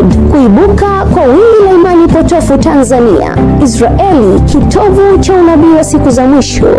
World kuibuka kwa wingi la imani potofu Tanzania, Israeli kitovu cha unabii wa siku za mwisho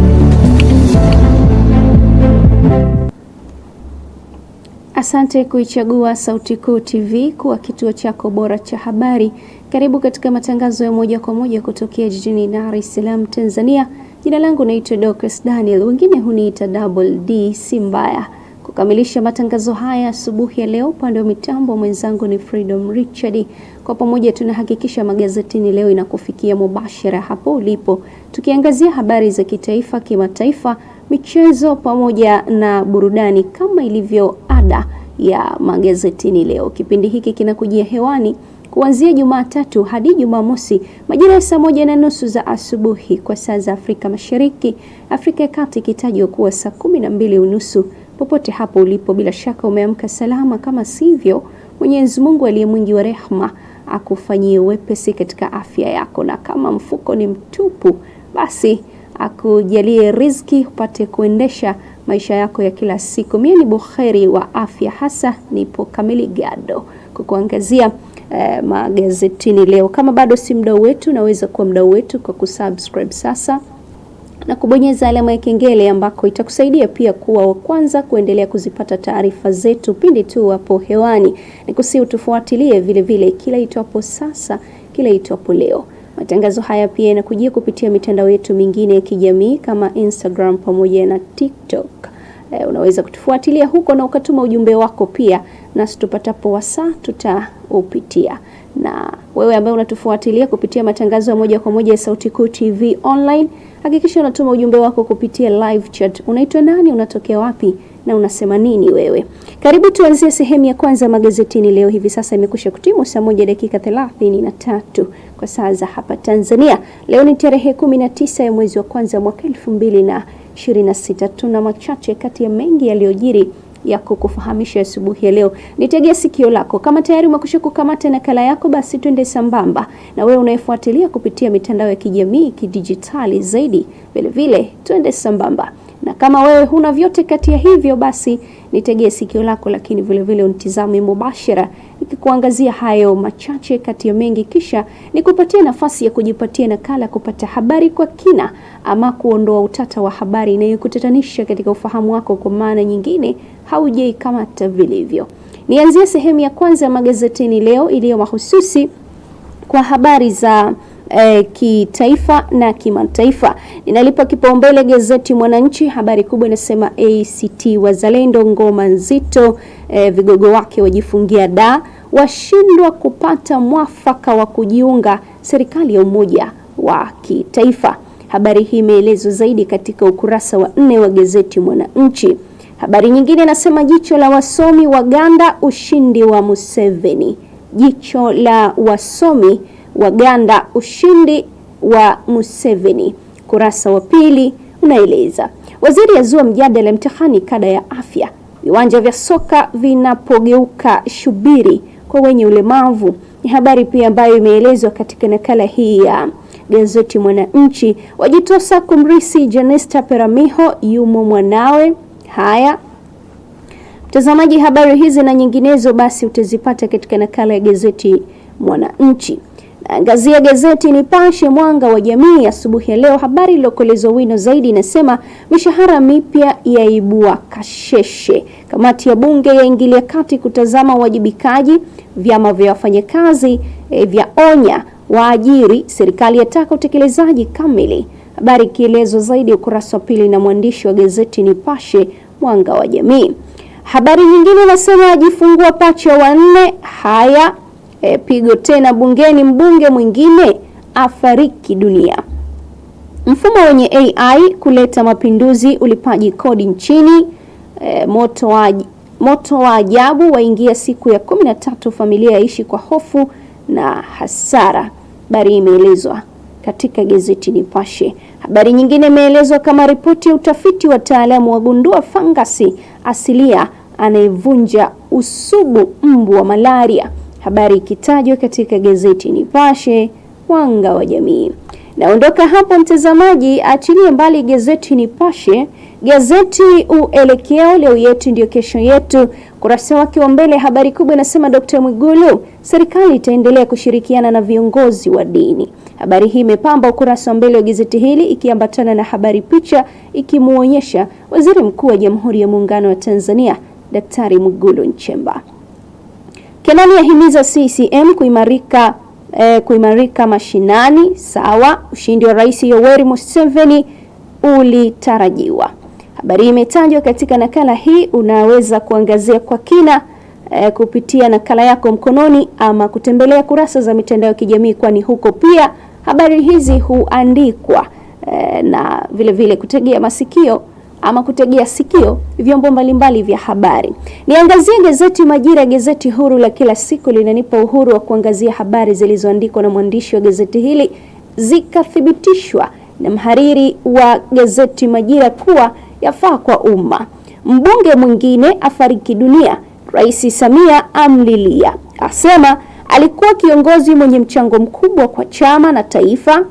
Asante kuichagua Sauti Kuu TV kuwa kituo chako bora cha habari. Karibu katika matangazo ya moja kwa moja kutokea jijini Dar es Salaam, Tanzania. Jina langu naitwa Dorcas Daniel, wengine huniita Double D, si mbaya. Kukamilisha matangazo haya asubuhi ya leo, upande wa mitambo mwenzangu ni Freedom Richard. Kwa pamoja tunahakikisha magazetini leo inakufikia mubashara hapo ulipo, tukiangazia habari za kitaifa, kimataifa, michezo pamoja na burudani kama ilivyo mada ya magazetini leo. Kipindi hiki kinakujia hewani kuanzia Jumatatu hadi Jumamosi majira ya saa moja na nusu za asubuhi kwa saa za Afrika Mashariki, Afrika ya Kati ikitajwa kuwa saa kumi na mbili unusu. Popote hapo ulipo, bila shaka umeamka salama, kama sivyo, Mwenyezi Mungu aliye mwingi wa rehma akufanyie wepesi katika afya yako, na kama mfuko ni mtupu, basi akujalie riziki, upate kuendesha maisha yako ya kila siku. Mimi ni buheri wa afya, hasa nipo Kamili Gado kukuangazia eh, magazetini leo. Kama bado si mdau wetu, naweza kuwa mdau wetu kwa kusubscribe sasa na kubonyeza alama ya kengele ambako itakusaidia pia kuwa wa kwanza kuendelea kuzipata taarifa zetu pindi tu hapo hewani. Nikusihi utufuatilie vile vile kila itwapo sasa, kila itwapo leo. Matangazo haya pia yanakujia kupitia mitandao yetu mingine ya kijamii kama Instagram pamoja na TikTok. E, unaweza kutufuatilia huko na ukatuma ujumbe wako pia, nasi tupatapo wasaa tutaupitia. Na wewe ambaye unatufuatilia kupitia matangazo ya moja kwa moja ya Sauti Kuu TV Online, hakikisha unatuma ujumbe wako kupitia live chat. Unaitwa nani? Unatokea wapi? na unasema nini wewe? Karibu tuanzie sehemu ya kwanza magazetini leo. Hivi sasa imekusha kutimu saa moja dakika thelathini na tatu kwa saa za hapa Tanzania. Leo ni tarehe 19 ya mwezi wa kwanza mwaka 2026. Tuna machache kati ya mengi yaliyojiri ya kukufahamisha asubuhi ya leo. Nitegea sikio lako. Kama tayari umekwisha kukamata nakala yako, basi twende sambamba na wewe unayefuatilia kupitia mitandao ya kijamii kidijitali zaidi, vilevile twende sambamba na kama wewe huna vyote kati ya hivyo, basi nitegee sikio lako, lakini vilevile unitizame mubashara nikikuangazia hayo machache kati ya mengi, kisha nikupatie nafasi ya kujipatia nakala, kupata habari kwa kina, ama kuondoa utata wa habari inayokutatanisha katika ufahamu wako, kwa maana nyingine haujaikamata vilivyo. Nianzie sehemu ya kwanza ya magazetini leo iliyo mahususi kwa habari za e, kitaifa na kimataifa. Ninalipa kipaumbele gazeti Mwananchi, habari kubwa inasema ACT Wazalendo ngoma nzito, e, vigogo wake wajifungia da, washindwa kupata mwafaka wa kujiunga serikali ya umoja wa kitaifa. Habari hii imeelezwa zaidi katika ukurasa wa nne wa gazeti Mwananchi. Habari nyingine inasema jicho la wasomi Waganda ushindi wa Museveni. Jicho la wasomi Waganda ushindi wa Museveni. Kurasa wa pili unaeleza waziri azua mjadala mtihani kada ya afya, viwanja vya soka vinapogeuka shubiri kwa wenye ulemavu. Ni habari pia ambayo imeelezwa katika nakala hii ya gazeti Mwananchi. Wajitosa kumrisi Janesta Peramiho, yumo mwanawe. Haya mtazamaji, habari hizi na nyinginezo basi utazipata katika nakala ya gazeti Mwananchi. Naangazia eh, gazeti Nipashe mwanga wa jamii asubuhi ya leo, habari iliyokolezwa wino zaidi inasema mishahara mipya yaibua kasheshe, kamati ya bunge yaingilia kati kutazama uwajibikaji, vyama vya wafanyakazi e, eh, vya onya waajiri, serikali yataka utekelezaji kamili. Habari ikielezwa zaidi ukurasa wa pili na mwandishi wa gazeti Nipashe mwanga wa jamii. Habari nyingine inasema ajifungua pacha wanne, haya e, pigo tena bungeni, mbunge mwingine afariki dunia. Mfumo wenye AI kuleta mapinduzi ulipaji kodi nchini. E, moto wa, moto wa ajabu waingia siku ya 13, familia yaishi kwa hofu na hasara. Habari imeelezwa katika gazeti Nipashe. Habari nyingine imeelezwa kama ripoti ya utafiti, wataalamu wagundua fangasi asilia anayevunja usugu mbu wa malaria habari ikitajwa katika gazeti Nipashe mwanga wa jamii. Naondoka hapo mtazamaji, achilie mbali gazeti Nipashe, gazeti Uelekeo, leo yetu ndio kesho yetu. Kurasa wake wa mbele, habari kubwa inasema Dkt. Mwigulu, serikali itaendelea kushirikiana na viongozi wa dini. Habari hii imepamba ukurasa wa mbele wa gazeti hili ikiambatana na habari picha ikimwonyesha waziri mkuu wa Jamhuri ya Muungano wa Tanzania Daktari Mwigulu Nchemba. Kenani yahimiza CCM kuimarika, eh, kuimarika mashinani. Sawa, ushindi wa Rais Yoweri Museveni ulitarajiwa. Habari imetajwa katika nakala hii, unaweza kuangazia kwa kina eh, kupitia nakala yako mkononi ama kutembelea kurasa za mitandao ya kijamii, kwani huko pia habari hizi huandikwa eh, na vile vile kutegea masikio ama kutegea sikio vyombo mbalimbali vya habari. Niangazie gazeti Majira, gazeti huru la kila siku, linanipa uhuru wa kuangazia habari zilizoandikwa na mwandishi wa gazeti hili zikathibitishwa na mhariri wa gazeti Majira kuwa yafaa kwa umma. Mbunge mwingine afariki dunia, Rais Samia amlilia, asema alikuwa kiongozi mwenye mchango mkubwa kwa chama na taifa.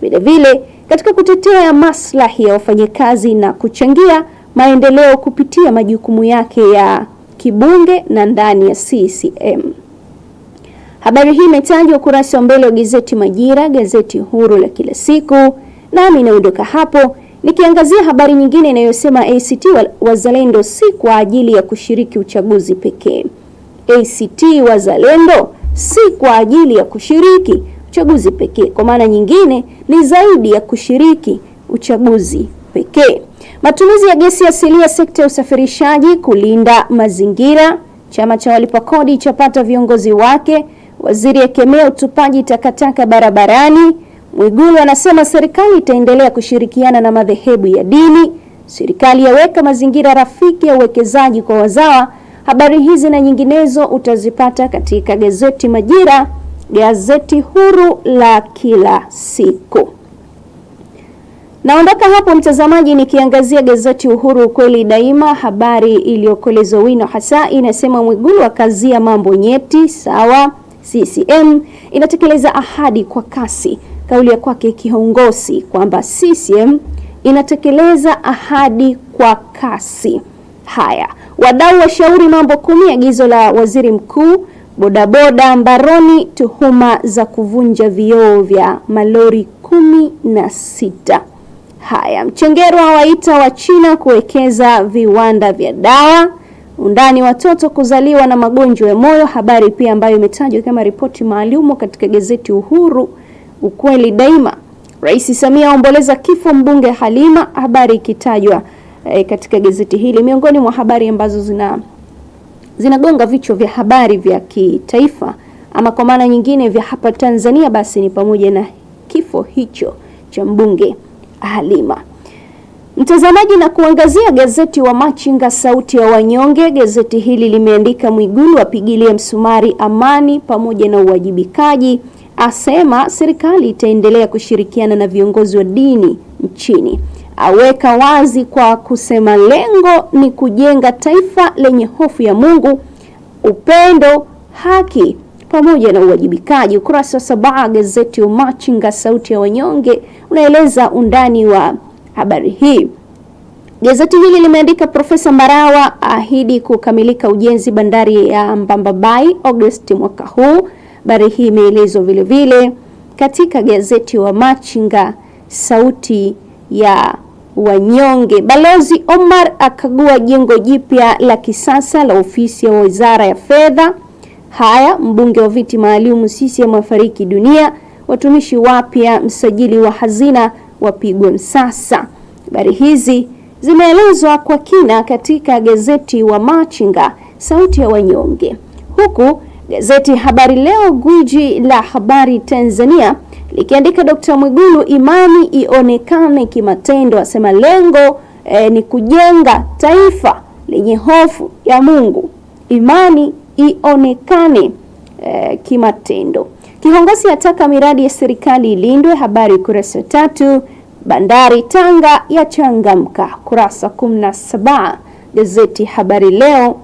Vilevile katika kutetea maslahi ya wafanyakazi na kuchangia maendeleo kupitia majukumu yake ya kibunge na ndani ya CCM. Habari hii imetajwa ukurasa wa mbele wa gazeti Majira, gazeti huru la kila siku, nami naondoka hapo nikiangazia habari nyingine inayosema ACT Wazalendo si kwa ajili ya kushiriki uchaguzi pekee. ACT Wazalendo si kwa ajili ya kushiriki uchaguzi pekee. Kwa maana nyingine ni zaidi ya kushiriki uchaguzi pekee. Matumizi ya gesi asilia sekta ya usafirishaji, kulinda mazingira. Chama cha walipa kodi chapata viongozi wake. Waziri akemea utupaji takataka barabarani. Mwigulu anasema serikali itaendelea kushirikiana na madhehebu ya dini. Serikali yaweka mazingira rafiki ya uwekezaji kwa wazawa. Habari hizi na nyinginezo utazipata katika gazeti Majira gazeti huru la kila siku. Naondoka hapo mtazamaji, nikiangazia gazeti Uhuru ukweli daima. Habari iliyokolezwa wino hasa inasema Mwigulu akazia mambo nyeti, sawa CCM inatekeleza ahadi kwa kasi. Kauli ya kwake kiongozi kwamba CCM inatekeleza ahadi kwa kasi. Haya, wadau washauri mambo kumi, agizo la waziri mkuu Bodaboda mbaroni tuhuma za kuvunja vioo vya malori kumi na sita. Haya, Mchengerwa waita wa China kuwekeza viwanda vya dawa. Undani watoto kuzaliwa na magonjwa ya moyo, habari pia ambayo imetajwa kama ripoti maalumu katika gazeti Uhuru, ukweli daima. Rais Samia aomboleza kifo mbunge Halima, habari ikitajwa eh, katika gazeti hili miongoni mwa habari ambazo zina zinagonga vichwa vya habari vya kitaifa ama kwa maana nyingine vya hapa Tanzania, basi ni pamoja na kifo hicho cha mbunge Halima. Mtazamaji, na kuangazia gazeti wa Machinga sauti ya wanyonge. Gazeti hili limeandika Mwigulu apigilie msumari amani pamoja na uwajibikaji, asema serikali itaendelea kushirikiana na viongozi wa dini nchini aweka wazi kwa kusema lengo ni kujenga taifa lenye hofu ya Mungu, upendo, haki pamoja na uwajibikaji. Ukurasa wa saba gazeti Umachinga sauti ya wanyonge unaeleza undani wa habari hii. Gazeti hili limeandika Profesa Mbarawa ahidi kukamilika ujenzi bandari ya Mbambabai Agosti mwaka huu. Habari hii imeelezwa vile vile katika gazeti wa Machinga sauti ya wanyonge. Balozi Omar akagua jengo jipya la kisasa la ofisi ya Wizara ya Fedha. Haya, mbunge wa viti maalum CCM afariki dunia, watumishi wapya, msajili wa hazina wapigwa msasa. Habari hizi zimeelezwa kwa kina katika gazeti wa Machinga, sauti ya wanyonge, huku gazeti Habari Leo, gwiji la habari Tanzania, likiandika Dkt. Mwigulu, imani ionekane kimatendo, asema lengo eh, ni kujenga taifa lenye hofu ya Mungu. Imani ionekane eh, kimatendo. Kiongozi ataka miradi ya serikali ilindwe, habari ukurasa tatu. Bandari Tanga yachangamka, kurasa 17. Gazeti Habari Leo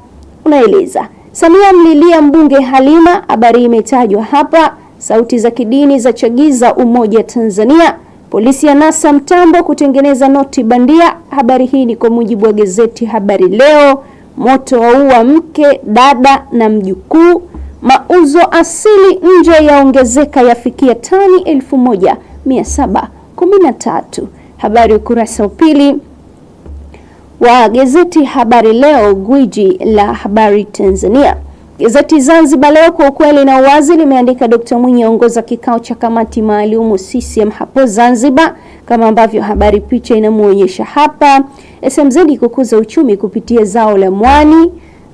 unaeleza Samia mlilia mbunge Halima, habari imetajwa hapa sauti za kidini za chagiza umoja Tanzania. Polisi yanasa mtambo kutengeneza noti bandia. Habari hii ni kwa mujibu wa gazeti Habari Leo. Moto waua mke, dada na mjukuu. Mauzo asili nje yaongezeka, yafikia tani 1713. Habari ukurasa wa pili wa gazeti Habari Leo, gwiji la habari Tanzania. Gazeti Zanzibar Leo kwa ukweli na uwazi limeandika Dkt. Mwinyi aongoza kikao cha kamati maalumu CCM hapo Zanzibar, kama ambavyo habari picha inamuonyesha hapa. SMZ kukuza uchumi kupitia zao la mwani.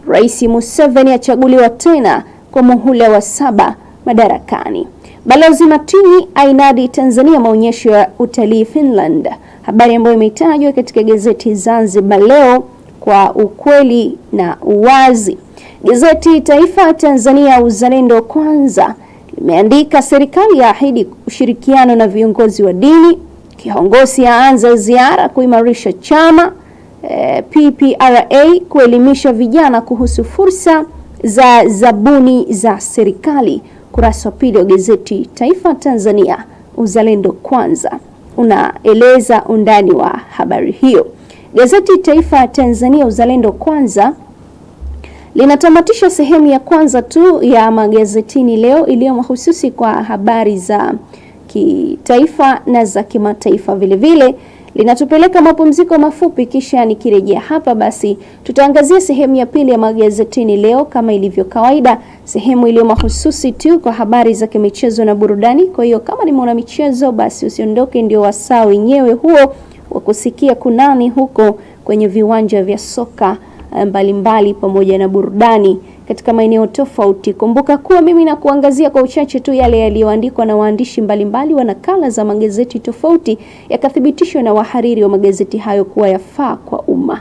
Rais Museveni achaguliwa tena kwa muhula wa saba madarakani. Balozi matini ainadi Tanzania maonyesho ya utalii Finland, habari ambayo imetajwa katika gazeti Zanzibar Leo kwa ukweli na uwazi. Gazeti Taifa Tanzania Uzalendo Kwanza limeandika serikali yaahidi ushirikiano na viongozi wa dini, kiongozi aanza ziara kuimarisha chama e, PPRA kuelimisha vijana kuhusu fursa za zabuni za serikali. Kurasa wa pili wa gazeti Taifa Tanzania Uzalendo Kwanza unaeleza undani wa habari hiyo. Gazeti Taifa Tanzania Uzalendo Kwanza linatamatisha sehemu ya kwanza tu ya magazetini leo iliyo mahususi kwa habari za kitaifa na za kimataifa. Vilevile linatupeleka mapumziko mafupi, kisha nikirejea hapa, basi tutaangazia sehemu ya pili ya magazetini leo kama ilivyo kawaida, sehemu iliyo mahususi tu kwa habari za kimichezo na burudani. Kwa hiyo kama ni mwanamichezo, basi usiondoke, ndio wasaa wenyewe huo wa kusikia kunani huko kwenye viwanja vya soka Eh, mbalimbali pamoja na burudani katika maeneo tofauti. Kumbuka kuwa mimi nakuangazia kwa uchache tu yale yaliyoandikwa na waandishi mbalimbali wa nakala za magazeti tofauti, yakathibitishwa na wahariri wa magazeti hayo kuwa yafaa kwa umma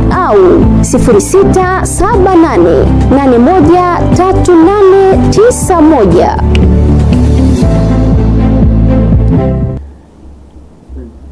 au 0678813891.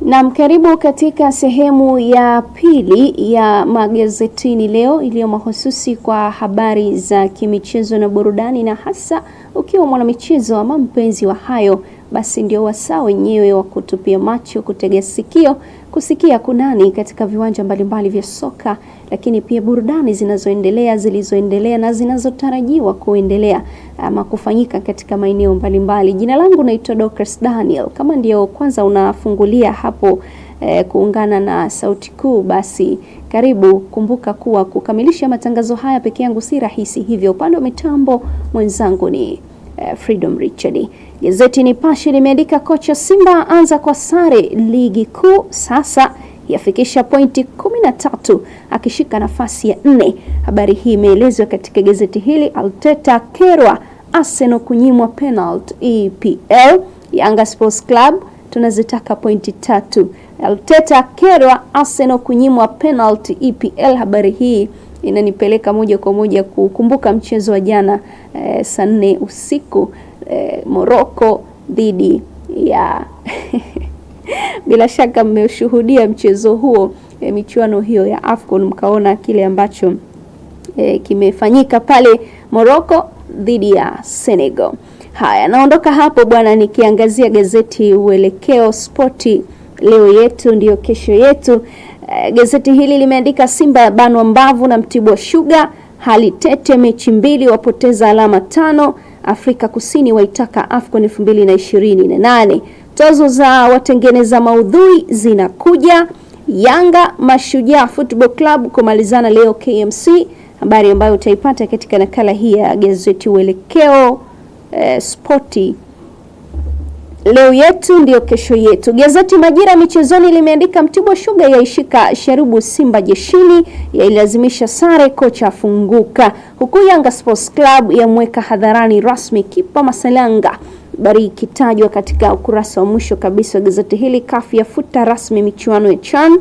Naam, karibu katika sehemu ya pili ya magazetini leo iliyo mahususi kwa habari za kimichezo na burudani, na hasa ukiwa mwanamichezo ama mpenzi wa hayo basi ndio wasaa wenyewe wa kutupia macho, kutegea sikio, kusikia kunani katika viwanja mbalimbali vya soka, lakini pia burudani zinazoendelea, zilizoendelea na zinazotarajiwa kuendelea ama kufanyika katika maeneo mbalimbali. Jina langu naitwa Dorcas Daniel. Kama ndio kwanza unafungulia hapo eh, kuungana na Sauti Kuu, basi karibu. Kumbuka kuwa kukamilisha matangazo haya peke yangu si rahisi, hivyo upande wa mitambo mwenzangu ni Eh, Freedom Richard. Gazeti Nipashe limeandika kocha Simba anza kwa sare ligi kuu sasa yafikisha pointi 13 akishika nafasi ya nne. Habari hii imeelezwa katika gazeti hili. Alteta kerwa Arsenal kunyimwa penalty EPL. Yanga Sports Club tunazitaka pointi tatu. Alteta kerwa Arsenal kunyimwa penalty EPL. Habari hii inanipeleka moja kwa moja kukumbuka mchezo wa jana e, saa nne usiku e, Morocco dhidi ya bila shaka mmeshuhudia mchezo huo e, michuano hiyo ya AFCON mkaona kile ambacho e, kimefanyika pale Morocco dhidi ya Senegal. Haya, naondoka hapo bwana, nikiangazia gazeti Uelekeo Spoti, leo yetu ndiyo kesho yetu. Eh, gazeti hili limeandika Simba ya banwa mbavu na Mtibwa Sugar, hali tete, mechi mbili wapoteza alama tano. Afrika Kusini waitaka AFCON 2028. Tozo za watengeneza maudhui zinakuja. Yanga Mashujaa Football Club kumalizana leo KMC, habari ambayo utaipata katika nakala hii ya gazeti Uelekeo eh, Spoti. Leo yetu ndiyo kesho yetu. Gazeti Majira michezoni limeandika Mtibwa Shuga yaishika Sharubu Simba jeshini, yailazimisha sare, kocha afunguka, huku Yanga Sports Club yamweka hadharani rasmi kipa Masalanga bari ikitajwa katika ukurasa wa mwisho kabisa wa gazeti hili. kafu yafuta rasmi michuano ya CHAN.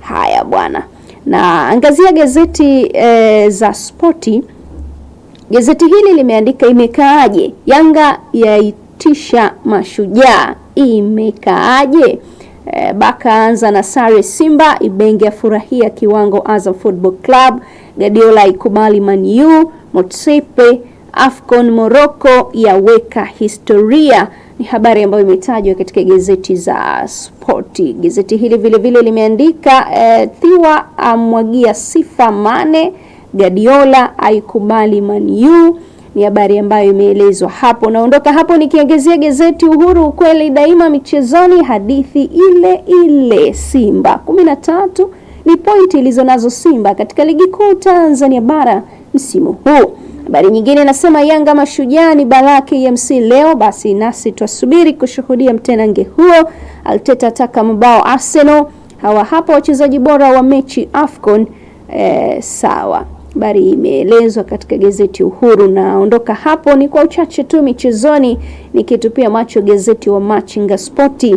Haya bwana, na angazia gazeti e, za spoti. Gazeti hili limeandika imekaaje Yanga ya kutisha mashujaa imekaaje? E, Baka anza na sare Simba, Ibenge afurahia kiwango Azam Football Club, Guardiola ikubali Man U, Motsepe Afcon Morocco yaweka historia. Ni habari ambayo imetajwa katika gazeti za spoti. Gazeti hili vile vile limeandika e, Thiwa amwagia sifa Mane, Guardiola aikubali Man U ni habari ambayo imeelezwa hapo. Naondoka hapo nikiangazia gazeti Uhuru, ukweli daima michezoni, hadithi ile ile. Simba 13 ni pointi ilizo nazo Simba katika ligi kuu Tanzania bara msimu huu. Habari nyingine inasema Yanga mashujaa ni balaa KMC leo, basi nasi twasubiri kushuhudia mtenange huo. Alteta taka mabao Arsenal. Hawa hapa wachezaji bora wa mechi AFCON. Eh, sawa habari imeelezwa katika gazeti Uhuru. Naondoka hapo ni kwa uchache tu michezoni, nikitupia macho gazeti wa Machinga Spoti.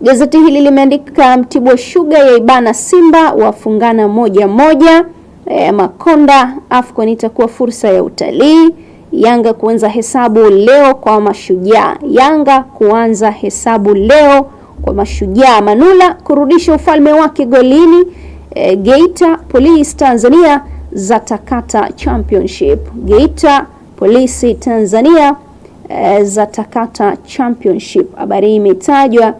Gazeti hili limeandika Mtibwa Sugar ya ibana Simba wafungana moja moja. E, Makonda, AFCON itakuwa fursa ya utalii. Yanga kuanza hesabu leo kwa mashujaa. Yanga kuanza hesabu leo kwa mashujaa. Manula kurudisha ufalme wake golini e, Geita Police Tanzania za takata championship. Geita Polisi Tanzania e, eh, za takata championship. Habari hii imetajwa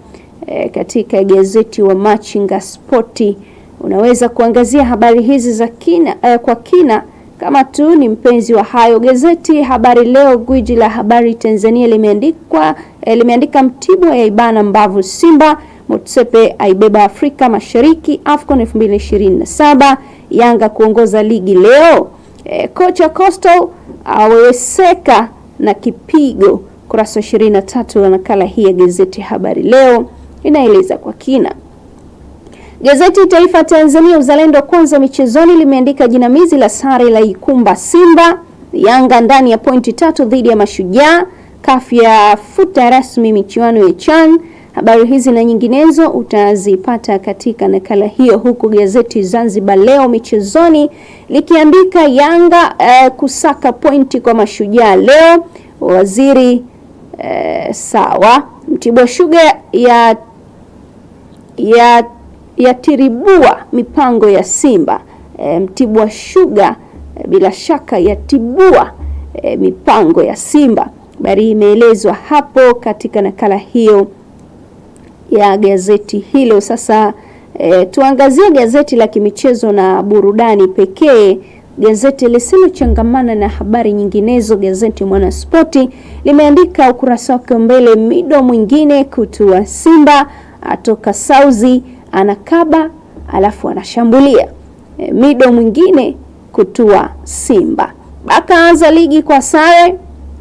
e, katika gazeti wa Machinga Spoti. Unaweza kuangazia habari hizi za kina, e, kwa kina kama tu ni mpenzi wa hayo. Gazeti Habari Leo, gwiji la habari Tanzania, limeandikwa e, limeandika Mtibwa ya ibana mbavu Simba Motsepe aibeba Afrika Mashariki AFCON 2027. Yanga kuongoza ligi leo. E, kocha Coastal aweweseka na kipigo. Kurasa 23 ya nakala hii ya gazeti Habari Leo inaeleza kwa kina. Gazeti Taifa Tanzania Uzalendo Kwanza michezoni limeandika jinamizi la sare la ikumba Simba, Yanga ndani ya pointi tatu dhidi ya Mashujaa, kafu ya futa rasmi michuano ya CHAN Habari hizi na nyinginezo utazipata katika nakala hiyo, huku gazeti Zanzibar Leo michezoni likiandika Yanga eh, kusaka pointi kwa mashujaa leo. Waziri eh, sawa. Mtibwa Sugar ya, ya, yatiribua mipango ya Simba. E, Mtibwa Sugar e, eh, bila shaka yatibua e, eh, mipango ya Simba. Habari imeelezwa hapo katika nakala hiyo ya gazeti hilo. Sasa e, tuangazie gazeti la kimichezo na burudani pekee. Gazeti lisilochangamana na habari nyinginezo, gazeti Mwanaspoti limeandika ukurasa wake mbele, mido mwingine kutua Simba atoka sauzi anakaba alafu anashambulia. E, mido mwingine kutua Simba akaanza ligi kwa sare.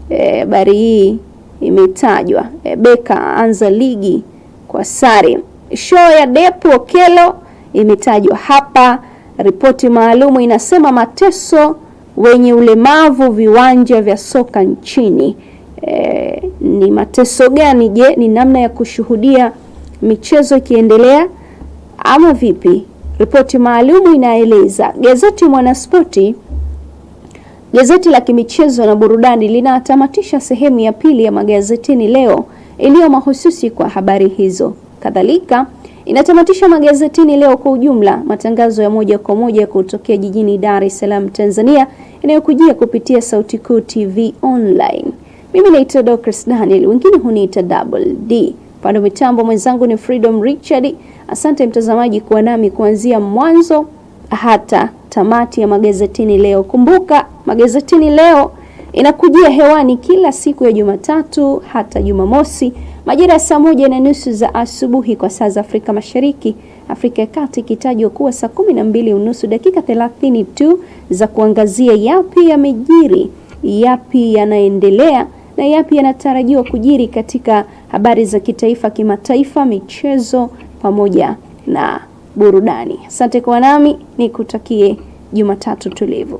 Eh, habari e, hii imetajwa e, Beka anza ligi kwa sare. Show ya Depu okelo imetajwa hapa. Ripoti maalumu inasema mateso wenye ulemavu viwanja vya soka nchini. E, ni mateso gani? Je, ni namna ya kushuhudia michezo ikiendelea ama vipi? Ripoti maalumu inaeleza. Gazeti Mwanaspoti, gazeti la kimichezo na burudani, linatamatisha sehemu ya pili ya magazetini leo iliyo mahususi kwa habari hizo. Kadhalika inatamatisha magazetini leo kwa ujumla, matangazo ya moja kwa moja kutokea jijini Dar es Salaam, Tanzania, yanayokujia kupitia Sauti Kuu TV Online. Mimi naitwa Dorcas Daniel, wengine huniita Double D. Pande mitambo mwenzangu ni Freedom Richard. Asante mtazamaji kuwa nami kuanzia mwanzo hata tamati ya magazetini leo. Kumbuka magazetini leo inakujia hewani kila siku ya Jumatatu hata Jumamosi majira ya saa moja na nusu za asubuhi kwa saa za Afrika Mashariki, Afrika ya Kati ikitajwa kuwa saa kumi na mbili unusu, dakika 30 tu za kuangazia yapi yamejiri, yapi yanaendelea na yapi yanatarajiwa kujiri katika habari za kitaifa, kimataifa, michezo pamoja na burudani. Asante kwa nami, nikutakie Jumatatu tulivu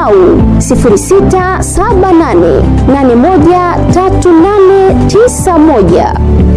au 0678813891.